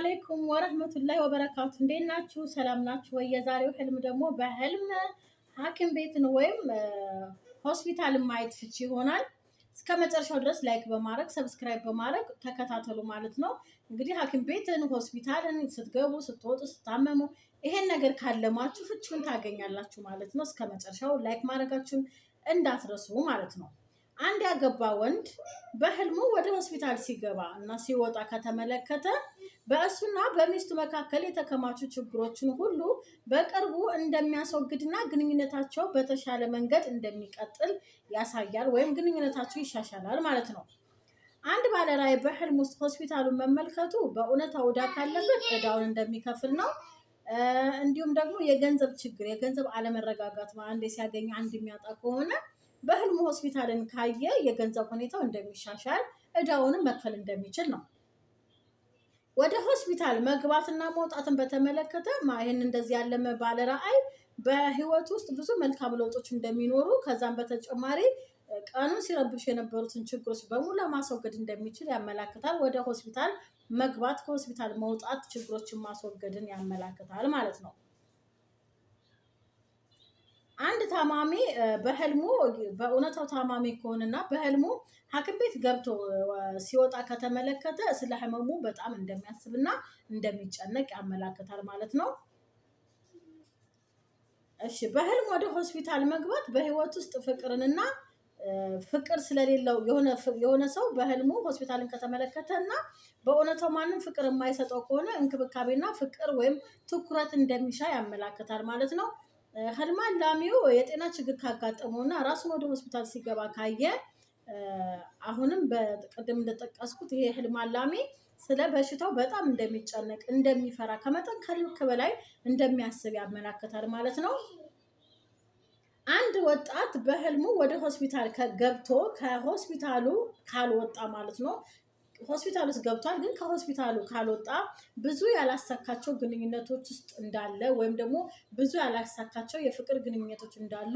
አሌይኩም ወረህመቱላሂ ወበረካቱ እንዴት ናችሁ? ሰላም ናችሁ ወይ? የዛሬው ህልም ደግሞ በህልም ሐኪም ቤትን ወይም ሆስፒታልን ማየት ፍቺ ይሆናል። እስከ መጨረሻው ድረስ ላይክ በማድረግ ሰብስክራይብ በማድረግ ተከታተሉ ማለት ነው። እንግዲህ ሐኪም ቤትን ሆስፒታልን ስትገቡ፣ ስትወጡ፣ ስታመሙ ይሄን ነገር ካለማችሁ ፍቺውን ታገኛላችሁ ማለት ነው። እስከ መጨረሻው ላይክ ማድረጋችሁን እንዳትረሱ ማለት ነው። አንድ ያገባ ወንድ በህልሙ ወደ ሆስፒታል ሲገባ እና ሲወጣ ከተመለከተ በእሱና በሚስቱ መካከል የተከማቹ ችግሮችን ሁሉ በቅርቡ እንደሚያስወግድና ግንኙነታቸው በተሻለ መንገድ እንደሚቀጥል ያሳያል፣ ወይም ግንኙነታቸው ይሻሻላል ማለት ነው። አንድ ባለራዕይ በህልም ውስጥ ሆስፒታሉን መመልከቱ በእውነት ዕዳ ካለበት ዕዳውን እንደሚከፍል ነው። እንዲሁም ደግሞ የገንዘብ ችግር፣ የገንዘብ አለመረጋጋት አንዴ ሲያገኝ አንድ የሚያጣ ከሆነ በህልሙ ሆስፒታልን ካየ የገንዘብ ሁኔታው እንደሚሻሻል እዳውንም መክፈል እንደሚችል ነው። ወደ ሆስፒታል መግባትና መውጣትን በተመለከተ ይህን እንደዚህ ያለ ባለ ረአይ በህይወት ውስጥ ብዙ መልካም ለውጦች እንደሚኖሩ ከዛም በተጨማሪ ቀኑን ሲረብሹ የነበሩትን ችግሮች በሙሉ ለማስወገድ እንደሚችል ያመላክታል። ወደ ሆስፒታል መግባት፣ ከሆስፒታል መውጣት ችግሮችን ማስወገድን ያመላክታል ማለት ነው። አንድ ታማሚ በህልሙ በእውነታው ታማሚ ከሆነና በህልሙ ሐኪም ቤት ገብቶ ሲወጣ ከተመለከተ ስለ ህመሙ በጣም እንደሚያስብና እንደሚጨነቅ ያመላክታል ማለት ነው። እሺ፣ በህልም ወደ ሆስፒታል መግባት በህይወት ውስጥ ፍቅርንና ፍቅር ስለሌለው የሆነ ሰው በህልሙ ሆስፒታልን ከተመለከተ እና በእውነታው ማንም ፍቅር የማይሰጠው ከሆነ እንክብካቤና ፍቅር ወይም ትኩረት እንደሚሻ ያመላክታል ማለት ነው። ህልም አላሚው የጤና ችግር እና ራሱን ወደ ሆስፒታል ሲገባ ካየ አሁንም በቅድም እንደጠቀስኩት ይሄ ህልም አላሚ ስለ በሽታው በጣም እንደሚጨነቅ እንደሚፈራ ከመጠን ከልክ በላይ እንደሚያስብ ያመላክታል ማለት ነው። አንድ ወጣት በህልሙ ወደ ሆስፒታል ገብቶ ከሆስፒታሉ ካልወጣ ማለት ነው ሆስፒታል ውስጥ ገብቷል፣ ግን ከሆስፒታሉ ካልወጣ ብዙ ያላሳካቸው ግንኙነቶች ውስጥ እንዳለ ወይም ደግሞ ብዙ ያላሳካቸው የፍቅር ግንኙነቶች እንዳሉ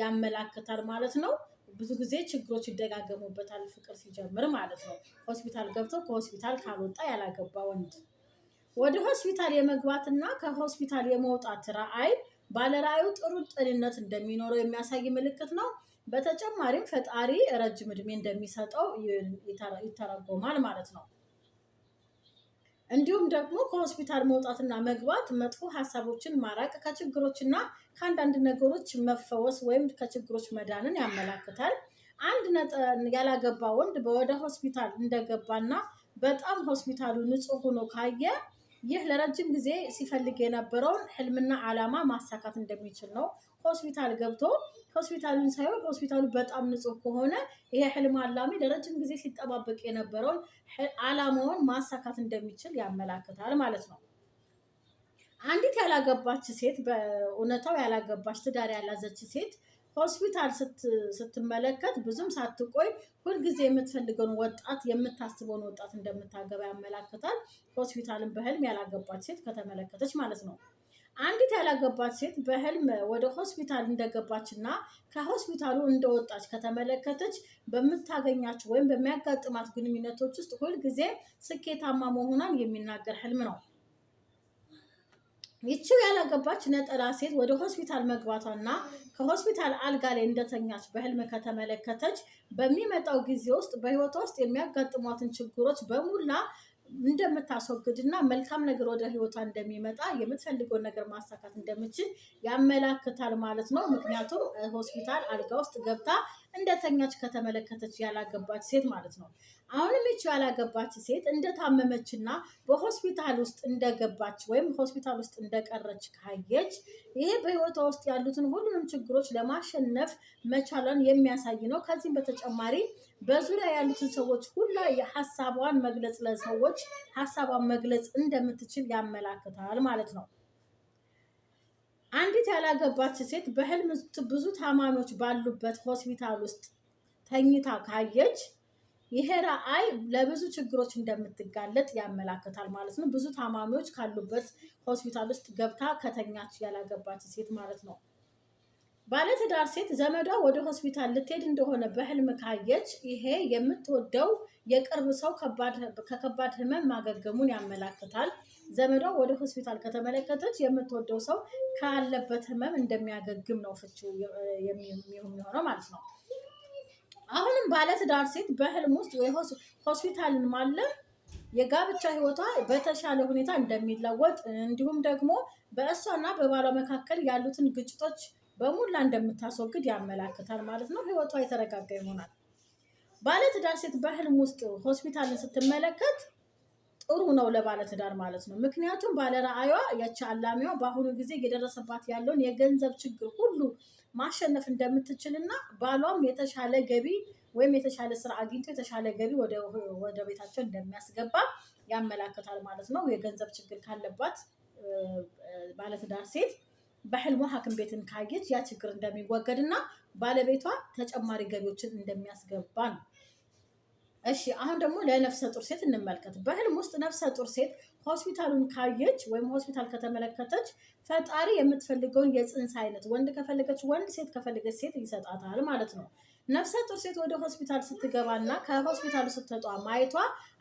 ያመላክታል ማለት ነው። ብዙ ጊዜ ችግሮች ይደጋገሙበታል ፍቅር ሲጀምር ማለት ነው። ሆስፒታል ገብቶ ከሆስፒታል ካልወጣ ያላገባ ወንድ ወደ ሆስፒታል የመግባትና ከሆስፒታል የመውጣት ራዕይ ባለራዕዩ ጥሩ ጤንነት እንደሚኖረው የሚያሳይ ምልክት ነው። በተጨማሪም ፈጣሪ ረጅም እድሜ እንደሚሰጠው ይተረጎማል ማለት ነው። እንዲሁም ደግሞ ከሆስፒታል መውጣትና መግባት፣ መጥፎ ሀሳቦችን ማራቅ፣ ከችግሮችና ከአንዳንድ ነገሮች መፈወስ ወይም ከችግሮች መዳንን ያመላክታል። አንድ ያላገባ ወንድ ወደ ሆስፒታል እንደገባና በጣም ሆስፒታሉ ንጹህ ሆኖ ካየ ይህ ለረጅም ጊዜ ሲፈልግ የነበረውን ህልምና ዓላማ ማሳካት እንደሚችል ነው። ሆስፒታል ገብቶ ሆስፒታሉን ሳይሆን ሆስፒታሉ በጣም ንጹህ ከሆነ ይሄ ህልም አላሚ ለረጅም ጊዜ ሲጠባበቅ የነበረውን አላማውን ማሳካት እንደሚችል ያመላክታል ማለት ነው። አንዲት ያላገባች ሴት በእውነታው ያላገባች ትዳር ያላዘች ሴት ሆስፒታል ስትመለከት ብዙም ሳትቆይ ሁልጊዜ የምትፈልገውን ወጣት የምታስበውን ወጣት እንደምታገባ ያመላክታል። ሆስፒታልን በህልም ያላገባች ሴት ከተመለከተች ማለት ነው። አንዲት ያላገባች ሴት በህልም ወደ ሆስፒታል እንደገባች እና ከሆስፒታሉ እንደወጣች ከተመለከተች በምታገኛቸው ወይም በሚያጋጥማት ግንኙነቶች ውስጥ ሁልጊዜ ስኬታማ መሆኗን የሚናገር ህልም ነው። ይቺው ያላገባች ነጠላ ሴት ወደ ሆስፒታል መግባቷና ከሆስፒታል አልጋ ላይ እንደተኛች በህልም ከተመለከተች በሚመጣው ጊዜ ውስጥ በህይወቷ ውስጥ የሚያጋጥሟትን ችግሮች በሙላ እና መልካም ነገር ወደ ህይወቷ እንደሚመጣ የምትፈልገውን ነገር ማሳካት እንደምችል ያመላክታል ማለት ነው። ምክንያቱም ሆስፒታል አልጋ ውስጥ ገብታ እንደተኛች ከተመለከተች ያላገባች ሴት ማለት ነው። አሁንም ይቺ ያላገባች ሴት እንደታመመችና በሆስፒታል ውስጥ እንደገባች ወይም ሆስፒታል ውስጥ እንደቀረች ካየች ይሄ በህይወቷ ውስጥ ያሉትን ሁሉንም ችግሮች ለማሸነፍ መቻሏን የሚያሳይ ነው። ከዚህም በተጨማሪ በዙሪያ ያሉትን ሰዎች ሁላ የሀሳቧን መግለጽ ለሰዎች ሀሳቧን መግለጽ እንደምትችል ያመላክታል ማለት ነው። አንዲት ያላገባች ሴት በህልም ብዙ ታማሚዎች ባሉበት ሆስፒታል ውስጥ ተኝታ ካየች ይሄ ራዕይ ለብዙ ችግሮች እንደምትጋለጥ ያመላክታል ማለት ነው። ብዙ ታማሚዎች ካሉበት ሆስፒታል ውስጥ ገብታ ከተኛች ያላገባች ሴት ማለት ነው። ባለትዳር ሴት ዘመዷ ወደ ሆስፒታል ልትሄድ እንደሆነ በህልም ካየች ይሄ የምትወደው የቅርብ ሰው ከከባድ ህመም ማገገሙን ያመላክታል። ዘመዷ ወደ ሆስፒታል ከተመለከተች የምትወደው ሰው ካለበት ህመም እንደሚያገግም ነው ፍቺው የሚሆነው ማለት ነው። አሁንም ባለትዳር ሴት በህልም ውስጥ ሆስፒታልን ማለም የጋብቻ ህይወቷ በተሻለ ሁኔታ እንደሚለወጥ እንዲሁም ደግሞ በእሷና በባሏ መካከል ያሉትን ግጭቶች በሙላ እንደምታስወግድ ያመላክታል ማለት ነው። ህይወቷ የተረጋጋ ይሆናል። ባለትዳር ሴት በህልም ውስጥ ሆስፒታልን ስትመለከት ጥሩ ነው ለባለትዳር ማለት ነው። ምክንያቱም ባለረአዩዋ ያቺ አላሚዋ በአሁኑ ጊዜ እየደረሰባት ያለውን የገንዘብ ችግር ሁሉ ማሸነፍ እንደምትችልና ባሏም የተሻለ ገቢ ወይም የተሻለ ስራ አግኝቶ የተሻለ ገቢ ወደ ቤታቸው እንደሚያስገባ ያመላክታል ማለት ነው። የገንዘብ ችግር ካለባት ባለትዳር ሴት በህልሟ ሐኪም ቤትን ካየች ያ ችግር እንደሚወገድና ባለቤቷ ተጨማሪ ገቢዎችን እንደሚያስገባ ነው። እሺ አሁን ደግሞ ለነፍሰ ጡር ሴት እንመልከት። በህልም ውስጥ ነፍሰ ጡር ሴት ሆስፒታሉን ካየች ወይም ሆስፒታል ከተመለከተች ፈጣሪ የምትፈልገውን የፅንስ አይነት ወንድ ከፈለገች ወንድ፣ ሴት ከፈለገች ሴት ይሰጣታል ማለት ነው። ነፍሰ ጡር ሴት ወደ ሆስፒታል ስትገባና ከሆስፒታሉ ስትወጣ ማየቷ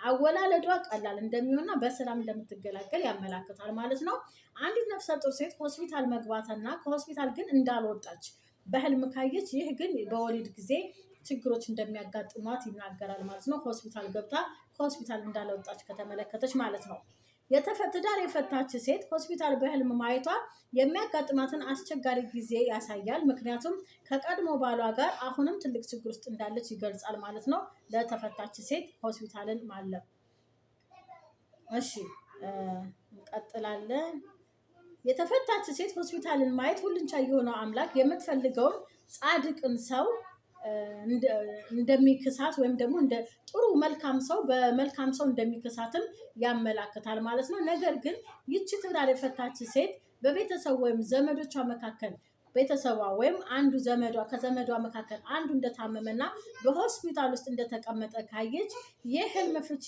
አወላለዷ ቀላል እንደሚሆንና በሰላም እንደምትገላገል ያመላክታል ማለት ነው። አንዲት ነፍሰ ጡር ሴት ሆስፒታል መግባትና ከሆስፒታል ግን እንዳልወጣች በህልም ካየች ይህ ግን በወሊድ ጊዜ ችግሮች እንደሚያጋጥሟት ይናገራል ማለት ነው። ከሆስፒታል ገብታ ከሆስፒታል እንዳለወጣች ከተመለከተች ማለት ነው። ትዳር የፈታች ሴት ሆስፒታል በህልም ማየቷ የሚያጋጥማትን አስቸጋሪ ጊዜ ያሳያል። ምክንያቱም ከቀድሞ ባሏ ጋር አሁንም ትልቅ ችግር ውስጥ እንዳለች ይገልጻል ማለት ነው። ለተፈታች ሴት ሆስፒታልን ማለም። እሺ እንቀጥላለን። የተፈታች ሴት ሆስፒታልን ማየት ሁሉን ቻይ የሆነው አምላክ የምትፈልገውን ጻድቅን ሰው እንደሚክሳት ወይም ደግሞ እንደ ጥሩ መልካም ሰው በመልካም ሰው እንደሚክሳትም ያመላክታል ማለት ነው። ነገር ግን ይቺ ትዳር የፈታች ሴት በቤተሰብ ወይም ዘመዶቿ መካከል ቤተሰቧ ወይም አንዱ ዘመዷ ከዘመዷ መካከል አንዱ እንደታመመና በሆስፒታል ውስጥ እንደተቀመጠ ካየች ይህ ህልም ፍቺ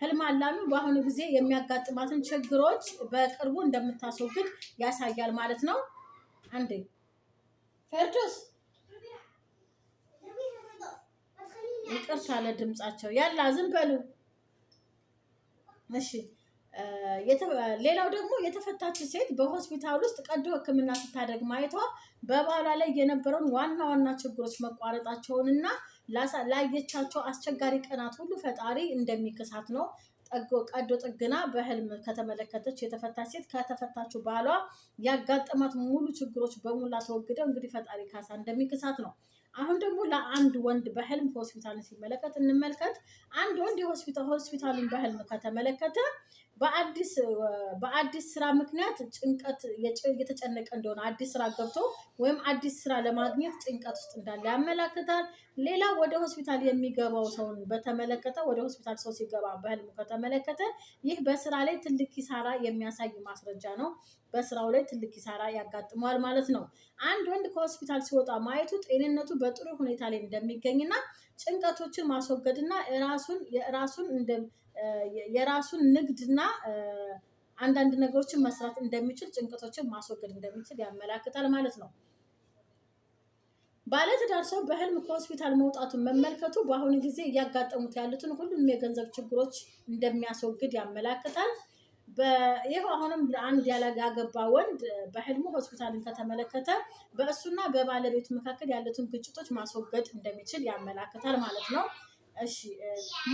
ህልም አላሚ በአሁኑ ጊዜ የሚያጋጥማትን ችግሮች በቅርቡ እንደምታስወግድ ያሳያል ማለት ነው። አንዴ ፌርዶስ ይቅርታ ለድምጻቸው ያላ ዝም በሉ እሺ። ሌላው ደግሞ የተፈታች ሴት በሆስፒታል ውስጥ ቀዶ ሕክምና ስታደርግ ማየቷ በባሏ ላይ የነበረውን ዋና ዋና ችግሮች መቋረጣቸውንና ላየቻቸው አስቸጋሪ ቀናት ሁሉ ፈጣሪ እንደሚክሳት ነው። ቀዶ ጥገና በህልም ከተመለከተች የተፈታች ሴት ከተፈታችው ባሏ ያጋጠማት ሙሉ ችግሮች በሙላ ተወግደው እንግዲህ ፈጣሪ ካሳ እንደሚክሳት ነው። አሁን ደግሞ ለአንድ ወንድ በህልም ሆስፒታልን ሲመለከት እንመልከት። አንድ ወንድ ሆስፒታልን በህልም ከተመለከተ በአዲስ በአዲስ ስራ ምክንያት ጭንቀት የተጨነቀ እንደሆነ አዲስ ስራ ገብቶ ወይም አዲስ ስራ ለማግኘት ጭንቀት ውስጥ እንዳለ ያመላክታል። ሌላ ወደ ሆስፒታል የሚገባው ሰውን በተመለከተ ወደ ሆስፒታል ሰው ሲገባ በህልሙ ከተመለከተ ይህ በስራ ላይ ትልቅ ኪሳራ የሚያሳይ ማስረጃ ነው። በስራው ላይ ትልቅ ኪሳራ ያጋጥመዋል ማለት ነው። አንድ ወንድ ከሆስፒታል ሲወጣ ማየቱ ጤንነቱ በጥሩ ሁኔታ ላይ እንደሚገኝና ጭንቀቶችን ማስወገድና ራሱን የራሱን የራሱን ንግድና አንዳንድ ነገሮችን መስራት እንደሚችል ጭንቀቶችን ማስወገድ እንደሚችል ያመላክታል ማለት ነው። ባለትዳር ሰው በህልም ከሆስፒታል መውጣቱን መመልከቱ በአሁኑ ጊዜ እያጋጠሙት ያሉትን ሁሉንም የገንዘብ ችግሮች እንደሚያስወግድ ያመላክታል። ይህ አሁንም ለአንድ ያላገባ ወንድ በህልሙ ሆስፒታልን ከተመለከተ በእሱና በባለቤቱ መካከል ያሉትን ግጭቶች ማስወገድ እንደሚችል ያመላክታል ማለት ነው። እሺ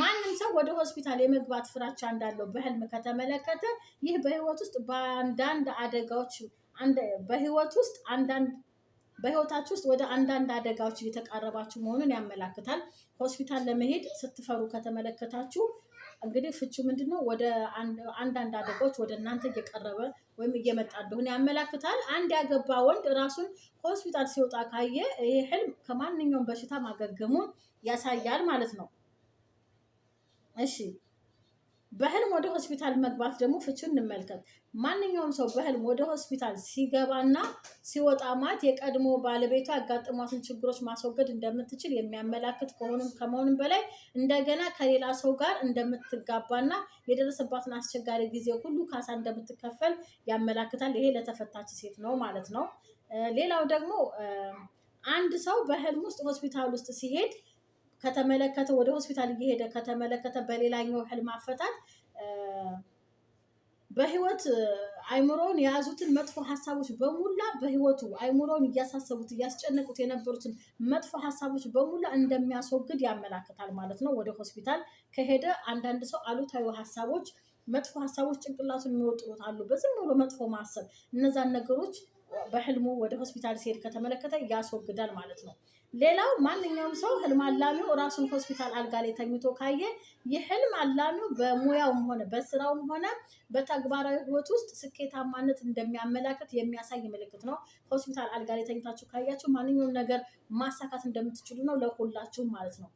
ማንም ሰው ወደ ሆስፒታል የመግባት ፍራቻ እንዳለው በህልም ከተመለከተ ይህ በህይወት ውስጥ በአንዳንድ አደጋዎች በህይወት ውስጥ አንዳንድ በህይወታችሁ ውስጥ ወደ አንዳንድ አደጋዎች እየተቃረባችሁ መሆኑን ያመላክታል። ሆስፒታል ለመሄድ ስትፈሩ ከተመለከታችሁ እንግዲህ ፍቺው ምንድን ነው? ወደ አንዳንድ አደጋዎች ወደ እናንተ እየቀረበ ወይም እየመጣ እንደሆነ ያመላክታል። አንድ ያገባ ወንድ ራሱን ከሆስፒታል ሲወጣ ካየ ይህ ህልም ከማንኛውም በሽታ ማገገሙን ያሳያል ማለት ነው። እሺ በህልም ወደ ሆስፒታል መግባት ደግሞ ፍቹ እንመልከት። ማንኛውም ሰው በህልም ወደ ሆስፒታል ሲገባና ሲወጣ ማት የቀድሞ ባለቤቷ ያጋጥሟትን ችግሮች ማስወገድ እንደምትችል የሚያመላክት ከሆኑም ከመሆኑም በላይ እንደገና ከሌላ ሰው ጋር እንደምትጋባና የደረሰባትን አስቸጋሪ ጊዜ ሁሉ ካሳ እንደምትከፈል ያመላክታል። ይሄ ለተፈታች ሴት ነው ማለት ነው። ሌላው ደግሞ አንድ ሰው በህልም ውስጥ ሆስፒታል ውስጥ ሲሄድ ከተመለከተ ወደ ሆስፒታል እየሄደ ከተመለከተ በሌላኛው ህልም አፈታት በህይወት አይምሮውን የያዙትን መጥፎ ሀሳቦች በሙላ በህይወቱ አይምሮውን እያሳሰቡት እያስጨነቁት የነበሩትን መጥፎ ሀሳቦች በሙላ እንደሚያስወግድ ያመላክታል ማለት ነው። ወደ ሆስፒታል ከሄደ አንዳንድ ሰው አሉታዊ ሀሳቦች፣ መጥፎ ሀሳቦች ጭንቅላቱን የሚወጥሩት አሉ። በዝም ብሎ መጥፎ ማሰብ እነዛን ነገሮች በህልሙ ወደ ሆስፒታል ሲሄድ ከተመለከተ ያስወግዳል ማለት ነው። ሌላው ማንኛውም ሰው ህልም አላሚው ራሱን ሆስፒታል አልጋ ላይ ተኝቶ ካየ ይህ ህልም አላሚው በሙያውም ሆነ በስራውም ሆነ በተግባራዊ ህይወት ውስጥ ስኬታማነት እንደሚያመላክት የሚያሳይ ምልክት ነው። ሆስፒታል አልጋ ላይ ተኝታችሁ ካያችሁ ማንኛውም ነገር ማሳካት እንደምትችሉ ነው፣ ለሁላችሁም ማለት ነው።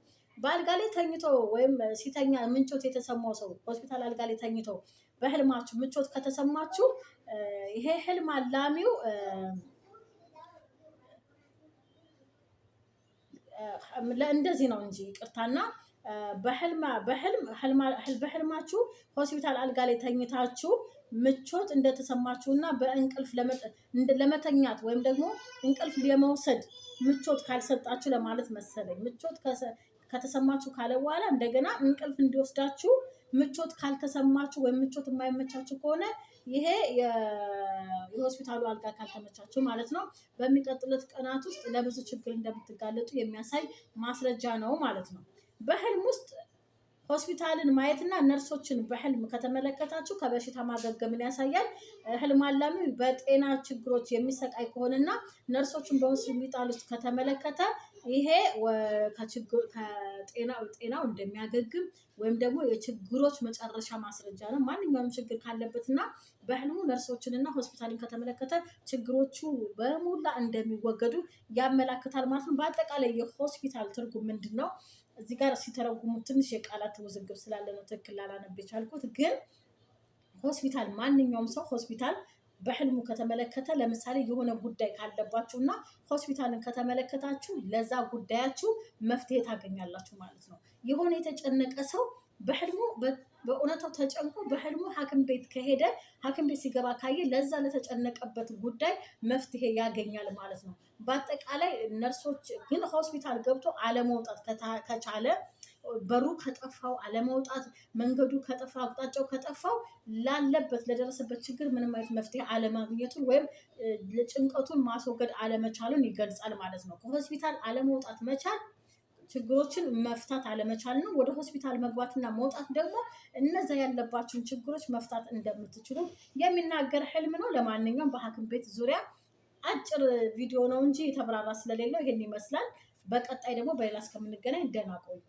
በአልጋ ላይ ተኝቶ ወይም ሲተኛ ምቾት የተሰማው ሰው ሆስፒታል አልጋ ላይ ተኝቶ በህልማችሁ ምቾት ከተሰማችሁ ይሄ ህልም አላሚው እንደዚህ ነው እንጂ ቅርታና በህልማችሁ ሆስፒታል አልጋ ላይ ተኝታችሁ ምቾት እንደተሰማችሁና በእንቅልፍ ለመተኛት ወይም ደግሞ እንቅልፍ ለመውሰድ ምቾት ካልሰጣችሁ ለማለት መሰለኝ። ምቾት ከተሰማችሁ ካለ በኋላ እንደገና እንቅልፍ እንዲወስዳችሁ ምቾት ካልተሰማችሁ ወይም ምቾት የማይመቻችሁ ከሆነ ይሄ የሆስፒታሉ አልጋ ካልተመቻቸው ማለት ነው በሚቀጥሉት ቀናት ውስጥ ለብዙ ችግር እንደምትጋለጡ የሚያሳይ ማስረጃ ነው ማለት ነው። በህልም ውስጥ ሆስፒታልን ማየትና ነርሶችን በህልም ከተመለከታችሁ ከበሽታ ማገገምን ያሳያል። ህልም አላሚ በጤና ችግሮች የሚሰቃይ ከሆነና ነርሶችን በሆስፒታል ውስጥ ከተመለከተ ይሄ ጤናው እንደሚያገግም ወይም ደግሞ የችግሮች መጨረሻ ማስረጃ ነው። ማንኛውም ችግር ካለበትና በህልሙ ነርሶችንና ሆስፒታልን ከተመለከተ ችግሮቹ በሙላ እንደሚወገዱ ያመላክታል ማለት ነው። በአጠቃላይ የሆስፒታል ትርጉም ምንድን ነው? እዚህ ጋር ሲተረጉሙ ትንሽ የቃላት ውዝግብ ስላለ ነው ትክክል ላላነብ የቻልኩት ግን ሆስፒታል ማንኛውም ሰው ሆስፒታል በህልሙ ከተመለከተ ለምሳሌ የሆነ ጉዳይ ካለባችሁ እና ሆስፒታልን ከተመለከታችሁ ለዛ ጉዳያችሁ መፍትሄ ታገኛላችሁ ማለት ነው። የሆነ የተጨነቀ ሰው በህልሙ በእውነታው ተጨንቆ በህልሙ ሐኪም ቤት ከሄደ ሐኪም ቤት ሲገባ ካየ ለዛ ለተጨነቀበት ጉዳይ መፍትሄ ያገኛል ማለት ነው። በአጠቃላይ ነርሶች ግን ሆስፒታል ገብቶ አለመውጣት ከቻለ በሩ ከጠፋው አለመውጣት፣ መንገዱ ከጠፋው አቅጣጫው ከጠፋው ላለበት ለደረሰበት ችግር ምንም አይነት መፍትሄ አለማግኘቱን ወይም ጭንቀቱን ማስወገድ አለመቻሉን ይገልጻል ማለት ነው። ከሆስፒታል አለመውጣት መቻል ችግሮችን መፍታት አለመቻል ነው። ወደ ሆስፒታል መግባትና መውጣት ደግሞ እነዛ ያለባቸውን ችግሮች መፍታት እንደምትችሉ የሚናገር ህልም ነው። ለማንኛውም በሐኪም ቤት ዙሪያ አጭር ቪዲዮ ነው እንጂ የተብራራ ስለሌለው ይህን ይመስላል። በቀጣይ ደግሞ በሌላ እስከምንገናኝ ደህና ቆዩ።